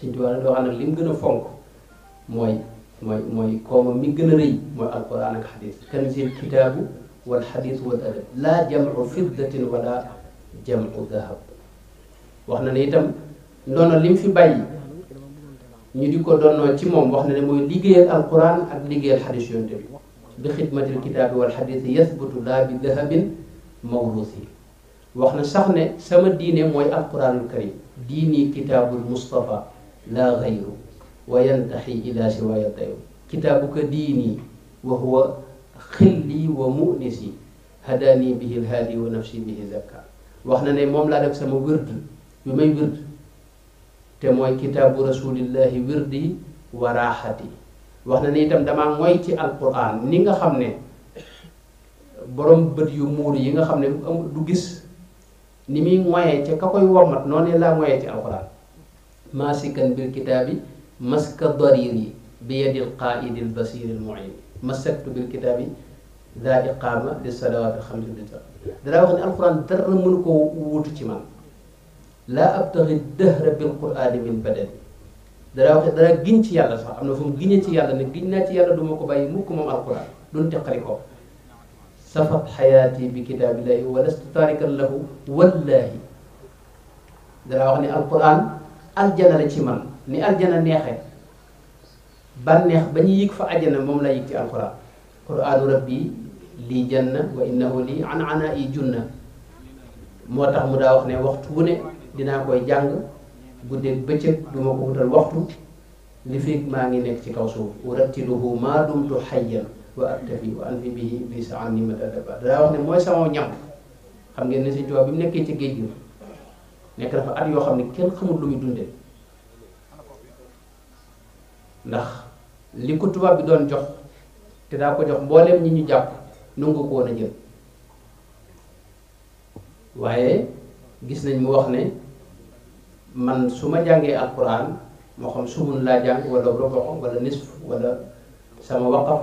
سيني دوانا دوانا لم جنا فونك موي موي موي كوما مي جنا ري موي القران الحديث تنزيل كتاب والحديث والادب لا جمع فضه ولا جمع ذهب واخنا نيتام نونا لم في باي ني ديكو دونو تي موم واخنا ني موي ليغي القران اك ليغي الحديث يونتي بخدمه الكتاب والحديث يثبت لا بذهب موروث واخنا صاحني سما ديني موي القران الكريم ديني كتاب المصطفى la ghayru wa yantahi ila siwaya tayu kitabu kadini wa huwa khilli wa mu'nisi hadani bihi alhadi wa nafsi bihi zakka wax na ne mom la def sama wird yu may wird te moy kitabu rasulillah wirdi wa rahati wax ne itam dama moy ci alquran ni nga xamne borom beut yu mur yi nga xamne du gis ni mi moye ci kakoy womat noné la moye ci alquran maasikan bil kitaabi maska dariri bi yadil qaaidi l basiri l muin masaktu bil kitaabi daa iqaama li salawaati xamsi bi wax ne alquran dara mënu koo wutu ci man laa abtaxi dëhra bil quraani min badani danaa wax ne danaa giñ ci yàlla sax am na fu mu giñee ci yàlla ne giñ naa ci yàlla du ko bàyyi mukk moom alquran duñ teqali ko safat xayaati bi kitaabillahi wa lastu wallahi danaa wax ne alquran aljana la ci man ni aljana neexee ban nex bañu yik fa ajana mom la yik ci alquran quraanu rabbi li janna wa innahu li an ana yi junna motax mu da wax ne waxtu wu ne dina koy jang guddeeg bëccëg duma ko wutal waxtu li fek ma ngi nek ci kaw uratiluhu ma dumtu xayyan wa aktafi wa anfi bihi bi sa'ani an ni wax ne moy sama ñam xam ngeen ne ci bi mu ci geejju nek dafa at yo xamni kenn xamul lu muy dundé ndax li ko tuba bi doon jox te da ko jox mbooleem ñi ñu japp nungu ko wona jël waaye gis nañ mu wax ne man su jangé alquran mo xam sumun la jang wala xam wala nisf wala sama waqaf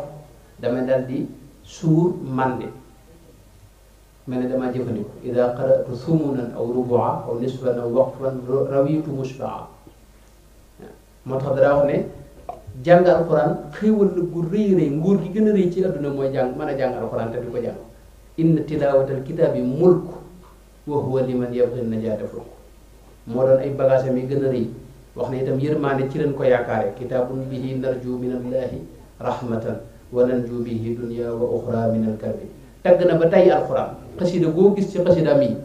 dama dal di suur Mana ne damaa jëfandiku ida qaratu sumunan aw rubua aw nisfan aw waqfan rawitu musbaa moo tax dara wax ne jàng alquran xéewal la gu rëy rëy nguur gi gën a rëy jang alquran te du ko jàng inna tilawatal kitaabi mulk wa huwa liman yabghi najaata fulk moo doon ay bagage am yi gën a rëy wax kita pun yërmaane ci leen bihi rahmatan wa nanju bihi dunya wa uxra min alkarbi tagg na ba tey alquran xasida goo gis ci xasidaam yi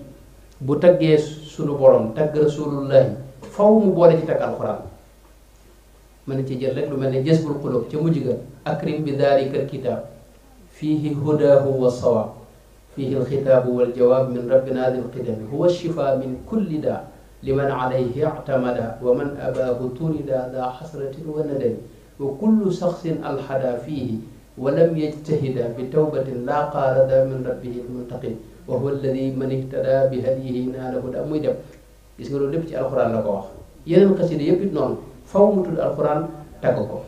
bu taggee sunu borom tagg rasulullahi faw mu boole ci tagg alquran mën na ci jël akrim bi daalika alkitab fihi huda wa sawab fihi alxitaabu waljawab min rabbina dil qidami huwa shifa min kulli daa liman alayhi ictamada wa man abaahu turida daa xasratin wa nadami wa kullu ولم يجتهد بتوبة لا قارد من ربه المتقين وهو الذي من اهتدى بهديه ناله دا موي دب غيسغلو لب سي القران لاكو واخ يينن قصيده ييبيت نون فاو موتول القران تاكوكو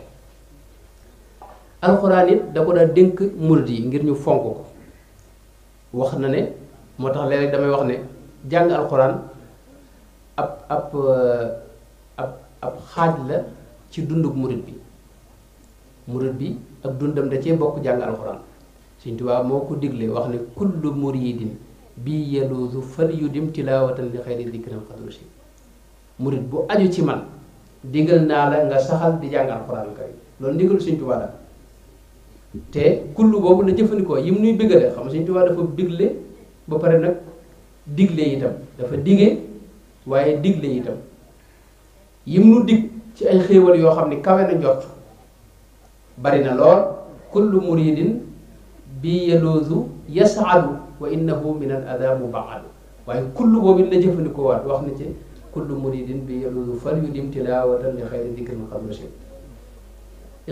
القران نيت داكو دا دينك مردي غير ني فونكو واخنا ني موتاخ ليرك داماي واخ ني جان القران اب اب اب اب حاج لا سي دوندوك مريد بي مريد بي ak dundam da cee bokk jàng alxuraan Sëñ Tuubaa moo ko digle wax ne kullu muridin bii yaluusu fal yudim tilaawatan li xayri dikrin xadusi murid bu aju ci man digal naa la nga saxal di jàng alxuraan kay loolu ndigalu Sëñ Tuubaa la te kullu boobu la jëfandikoo yim nuy bigale xam Sëñ Tuubaa dafa bigle ba pare nag digle itam dafa dige waaye digle itam yi mu dig ci ay xéewal yoo xam ne kawe na njort bari na lool kullu muridin bi yaloosu yasaalu wa innahu min al ada mubaadu waaye kullu boobu la jëfandikoo waat wax na ci kullu muridin bi yaloosu fal yu dim tilaawatan li xayri dikrin xabla shirk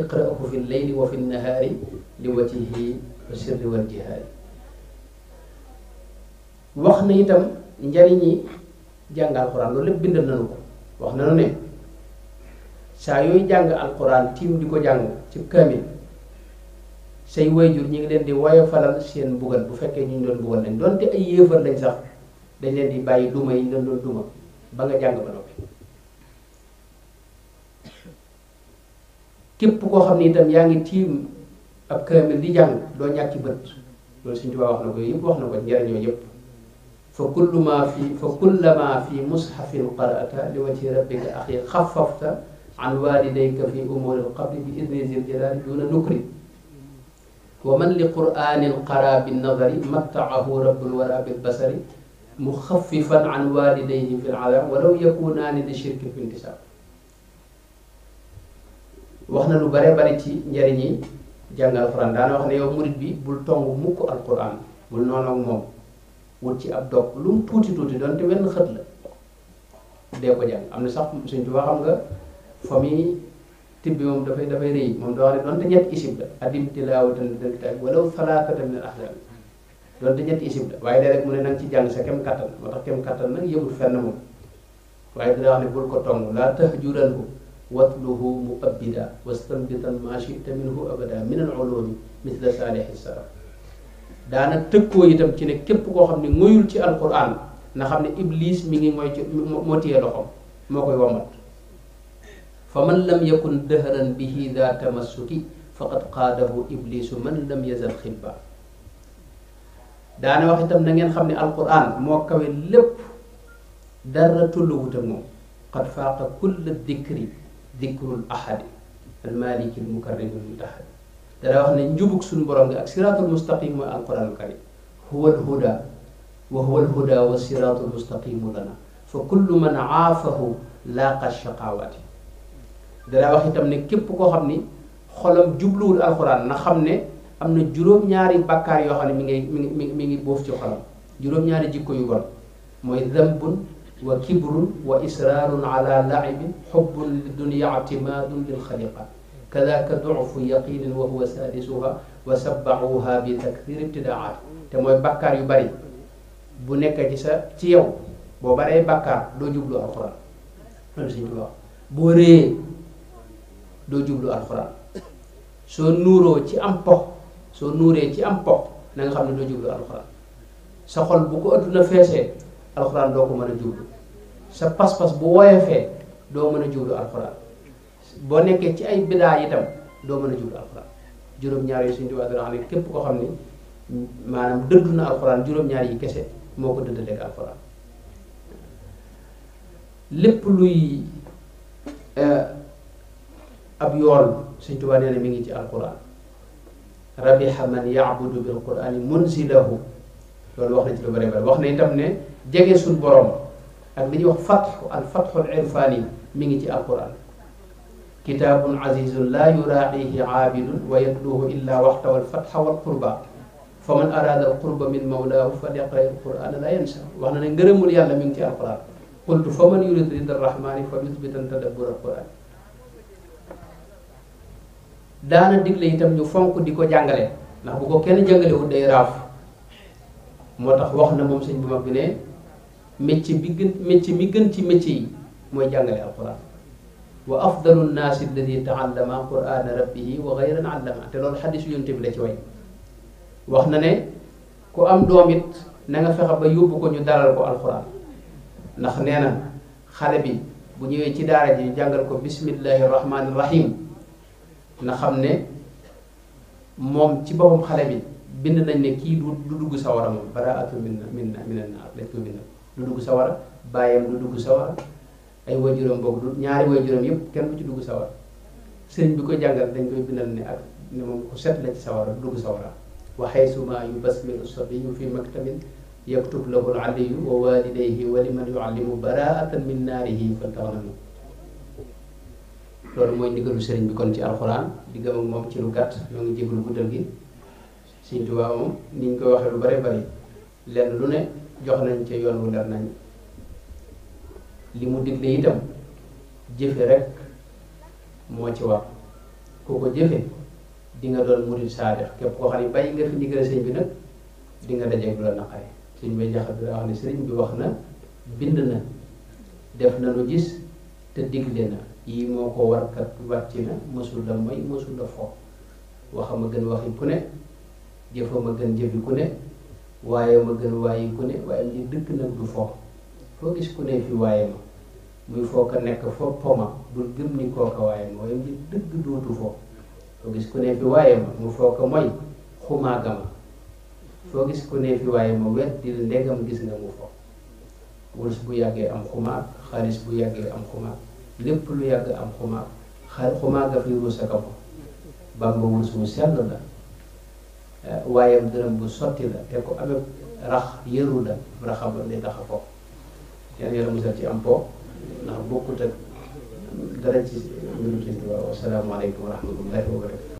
iqra'uhu fi leyli wa fi nahaari li watihi wa sirri wal jihaari wax na itam njariñi jàngal xuraan loolu bindal nanu ko wax nanu ne sa yooyu jang alquran tim di ko ci kamil say wayjur ñi ngi len di falal seen bugal bu fekke ñu doon bugal lañ te ay yeufal lañ sax dañ len di bayyi duma yi leen doon duma ba nga jang ba noppi kep ko xamni tam yaangi tim ab kamil di jang do ñak ci bët loolu suñ tuba wax na ko yëpp wax na ko njariñ ñoo yëpp fa kullu ma fi fa ma fi mushafin qara'ata li wajhi rabbika axi khaffafta عن والديك في أمور القبر بإذن ذي الجلال دون نكر ومن لقرآن القرى بالنظر متعه رب الورى بالبصر مخففا عن والديه في العذاب ولو يكونان للشرك في الانتساب wax na lu bare bare ci njariñi jàng alxuraan daana wax ne yow murit bi bul tong mukk alxuraan bul noonu ak moom wut ci ab dog lu mu tuuti tuuti doonte wenn xët la dee ko jàng am na sax suñ tubaa xam nga famille tim bi da fay da fay moom mom do ne donte ñett isib da adim tilaawatan dal kitaab walaw salaatatan min al ahzab donte ñett isib da waye rek léeg mu ne nang ci jang sa kem katal moo tax kem katal nak yebul fenn mom waye dina wax ne bul ko tong laa tahjuranhu watluhu muabbida wastanbitan ma shita minhu abada min al ulumi mithla saalihi saraf daana tëkkoo itam ci ne képp koo xam ngoyul ci alquran na xam ne iblis mi ngi mooy ci moo téye loxom moo womat فمن لم يكن دهرا به ذا تمسك فقد قاده ابليس من لم يزل خبا دانا واخ تام نين خامني القران موكاوي لب دار تولو قد فاق كل الذكر ذكر الاحد المالك المكرم المتحد دا واخ ني نجوبك سون بروم اك صراط المستقيم مو القران الكريم هو الهدى وهو الهدى والصراط المستقيم لنا فكل من عافه لاقى الشقاوه danaa wax itam ne képp koo xam ni xolam jubluwul alquran na xam ne am na juróom-ñaari bàkkaar yoo xam ne mi ngi mi ngi mi boof ci xolam juróom-ñaari jikko yu bon mooy dambun wa kibrun wa israrun ala laibin xubbun li atimadun atimaadun lil xaliqa kadaka dufu yaqinin wa huwa sadisuha wa sabbaxuha bi takthir ibtidaat te mooy bàkkaar yu bari bu nekk ci sa ci yow boo baree bàkkaar doo jublu alxuraan loolu suñ boo réyee doo jublu alxuraan soo nuuroo ci am pox soo nuuree ci am pox na xam ne doo jublu alxuraan sa xol bu ko adduna feesee alxuraan doo ko mën a jublu sa pas-pas bu woyofee doo mën a jublu alxuraan boo nekkee ci ay bidaa itam doo mën a jublu alxuraan juróom-ñaar yi képp koo xam ne maanaam dëddu na alxuraan juróom kese moo ko dëddaleeg alxuraan lépp luy euh, ab yoon Sëñ tuba nee mi ngi ci alquran rabiha man yabudu bil munzilahu loolu wax na ci lu bëri bëri wax na itam ne jege sun borom ak li wax al al irfani mi ngi ci alquran kitabun azizun laa yuraqihi abidun wa yatluhu illa waxtawa wal qurba faman arada arada qurba min mawlahu falyaqra alqurana la yansa wax na ne ngërëmul yalla mi ngi ci alquran qultu faman yuridu yurid rida fa tadabbur qur'an daana digle itam ñu fonk diko jangale ndax bu ko kenn wu day raaf motax wax na mom sëñ bu mag bi ne metti bi gën metti mi gën ci metti yi mooy alquran wa afdalu nnaasi alladhi taallama qurana rabbih wa ghayran allama te lol hadith yu bi la ci way wax na ne ku am domit na nga fexa ba yobbu ko ñu daral ko alquran ndax neena xale bi bu ñewé ci daara ji jangal ko bismillahir rahmanir rahim na xam ne moom ci boppam xale bi bind nañ ne kii du dugg sawara moom baraatu min min minan naar lañ ko bindal du dugg sawara bàyyam du dugg sawara ay waajuram boog du ñaari waajuram yëpp kenn ku ci dugg sawara sëriñ bi ko jàngal dañ koy bindal ne ak ne moom ku set la ci sawara dugg sawara wa xaysuma yubasmilu sabiyu fi maktabin yaktub lahu al aliyu wa walidayhi wa liman yuallimu baraatan min naarihi faltaxnamu loolu mooy ndigalu sëriñ bi kon ci alxuraan digam ak moom ci lu gàtt ñoo ngi jégalu guddal gi sëriñ Tuubaa moom ni ñu koy waxee lu bare bari lenn lu ne jox nañ ca yoon wu leer nañ li mu digle itam jëfe rek moo ci war ku ko jëfe di nga doon murid saadix képp koo xam ne bàyyi nga fi ndigal sëriñ bi nag di nga dajeeg lu la naqare sëriñ bay bi wax ne sëriñ bi wax na bind na def na lu gis te digle na kii moo ko war kat wàcc na mësul la moy mësul la fo waxam gën waxi ne jëfam a gën jëfi ku ne waaye ma gën waayi ku ne waaye li dëkk nag du fo foo foo nekk foo poma gëm ni kooka waaye ma waaye li dëgg gis ku ne fi waaye ma mu foo ko moy xumaaga ma foo gis ku ne fi waaye ma weddil ndegam gis nga mu fo wurus bu yàggee am xumaag xaalis bu yàggee am xumaag lépp lu yàgg am xumaag xar xumaag fi ruus ko bamba wurus wu sell la eh, waayam dërëm bu sotti la te ko amee rax yëru la raxaba day tax a ko yàlla yàlla musal ci am po ndax bokkut ak dara ci mbirum sëñ bi waaw asalaamaaleykum wa rahmatullahi wa